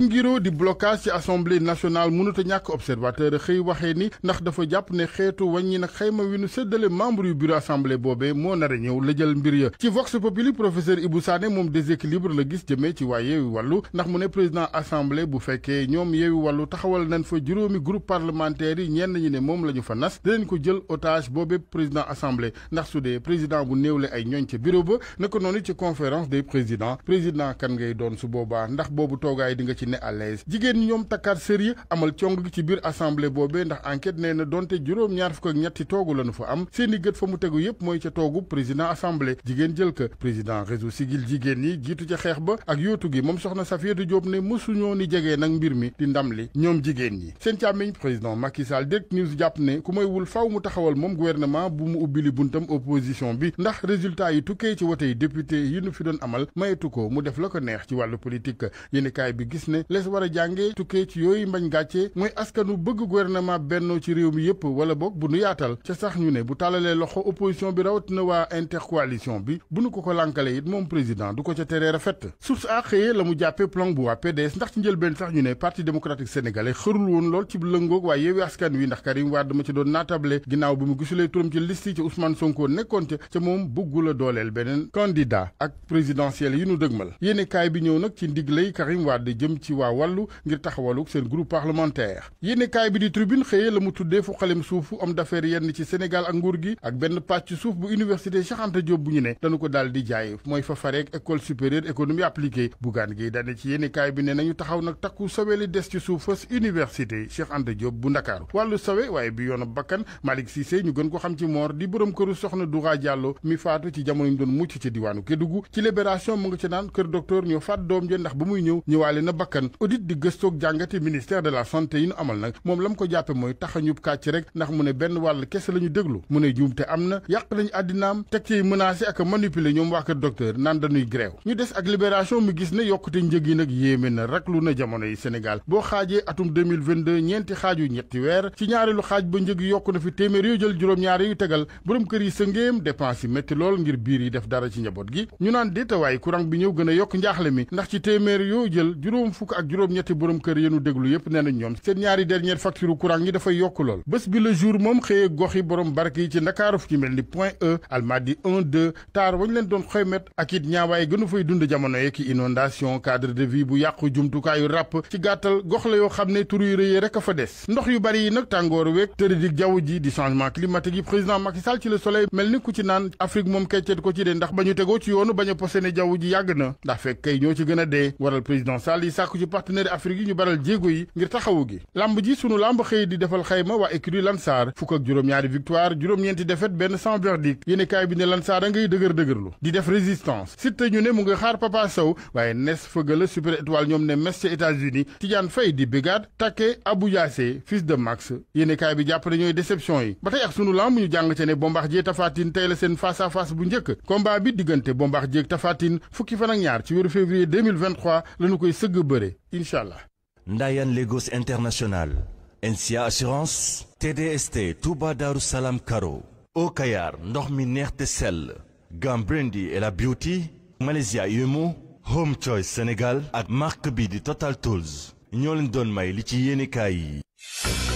ngiroo di blocage ci assemblée nationale mënuta ñàkk observateur xëy waxee ni ndax dafa jàpp ne xeetu wàññi nag xayma wi nu séddale membre yu bureau assemblée boobee moo nar a ñëw la jël mbir ya ci vox populi professeur Ibou Sané moom déséquilibre la gis jëmee ci waa yeewi wàllu ndax mu ne président assemblée bu fekkee ñoom yeewi wàllu taxawal nañ fa juróomi groupe parlementaire yi ñenn ñi ne moom la ñu fa nas dinañ ko jël otage boobee président assemblée ndax su dee président bu néewle ay ñooñ ca bureau ba naka noonu ci conférence des présidents président kan ngay doon su boobaa ndax boobu toogaay di nga ci ne à jigéen ñoom takkaat sër yi amal cong gi ci biir assemblée boobee ndax enquête nee na donte juróom-ñaar fukk ak ñetti toogu lañu fa am seeni gët fa mu tegu yépp mooy ca toogu président assemblée jigéen jël ko président réseau sigil jigéen ñi jiitu ca xeex ba ak yootu gi moom soxna Safiatou Diop ne mësuñoo ni jegee nag mbir mi di ndam li ñoom jigéen ñi seen càmmiñ président Macky Sall Direct News jàpp ne ku may faw mu taxawal moom gouvernement bu mu ubbili buntam opposition bi ndax résultat yi tukkee ci wotey député yi fi doon amal mayetu ko mu def la ko neex ci wàllu politique yéenekaay bi gis ne ne lees war a jànge tukkee ci yooyu mbañ gàcce mooy askanu bëgg gouvernement bennoo ci réew mi yëpp wala boog bu nu yaatal ca sax ñu ne bu tàllalee loxo opposition bi rawat na waa intercoalition bi bu nu ko ko lànkale it moom président du ko ca teree rafet source a xëyee la mu jàppee plan bu waa PDS ndax ci njëlbeen sax ñu ne parti démocratique sénégalais xërul woon lool ci lëngoog waa yeewi askan wi ndax Karim Wade ma ci doon naatable ginnaaw bi mu gisulee turam ci liste ci Ousmane Sonko nekkoon ca moom bëggu la beneen candidat ak présidentiel yi nu kaay bi ñëw nag ci ndiglay Karim ci waa wàllu ngir taxawaluk seen groupe parlementaire yéenekaay bi di tribune xëyee la mu tuddee fu xalem suufu homme d'affaires yenn ci Sénégal ak nguur gi ak benn pàcc suuf bu université Cheikh Anta Diop bu ñu ne dañu ko daal di jaay mooy fa fareek école supérieure économie appliquée Bougane Gueye Dany ci yéenekaay bi ne nañu taxaw nag takku saweli des ci suufas université Cheikh Anta Diop bu Ndakaaru wàllu sawe waaye bi yoonu bakkan Malick Cissé ñu gën ko xam ci moor di borom këru soxna Doura Diallo mi faatu ci jamono ñu doon mucc ci diwaanu Kédougou ci libération mu nga ci naan kër docteur ñoo faat doom ja ba muy ñëw ñëwaale na bakkan audit di gëstoog jàngati ministère de la santé yi nu amal nag moom lam ko jàppe mooy taxañub kàcc rek ndax mu ne benn wàll kese la ñu déglu mu ne juumte am na yàq nañu àddinaam teg ciy menacé ak a ñoom wax kër docteur naan dañuy grève ñu des ak libération mi gis ne yokkute njëg yi nag yéeme na rek lu na jamono yi Sénégal boo xaajee atum 2022 ñeenti xaaju ñetti weer ci ñaareelu xaaj ba njëg yi yokku na fi téeméer yoo jël juróom-ñaari yu tegal borom kër yi sëngéem dépense yi métti lool biir yi def dara ci njaboot gi ñu naan déetawaay courant bi ñëw gën yokk njaaxle mi ndax fukk ak juróom-ñetti borom kër yéenu déglu yépp nee nañ ñoom seen ñaari dernière facture courant yi dafay yokk lool bés bi le jour moom xëyee gox yi borom barke yi ci ndakaaru fu ci mel ni point E Almadies 1 2 taar wañ leen doon xoymet ak it ñaawaay gënu fay dund jamono yeeg inondation cadre de vie bu yàqu jumtukaayu ràpp ci gàttal gox la yoo xam ne tur yu rëyee rek a fa des ndox yu bari yi nag tàngoor weeg tëri di jaww ji di changement climatique ci le soleil mel ni ku ci a posé ne jaww ji yàgg na ndax fekk kay sàkku ci partenaire Afrique yi ñu baral jéego yi ngir taxawu gi lamb ji sunu lamb xëy di defal xayma waa écurie Lansar fukk ak juróom-ñaari victoire juróom-ñeenti défaite benn sans verdict yéeni bi ne Lansar a ngay dëgër dëgërlu di def résistance Siteu ne mu nga xaar Papa Sow waaye nes fëgala super étoile ñoom ne mes ca États-Unis Tidiane Faye di Bégade Takke Abou Yassé fils de Max yéeni bi jàpp ne ñooy yi ba tey ak sunu lamb ñu jàng ca bëre incha allah. Ndayan Lagos International. NCA Assurance. TDST Touba Darou Salam Karo. Okayar ndox mi neex te sell. Gambrendi et la beauty. Malaysia Yumu. Home Choice Sénégal. ak marque bi di Total Tools. ñoo leen doon may li ci yéenekaay yi.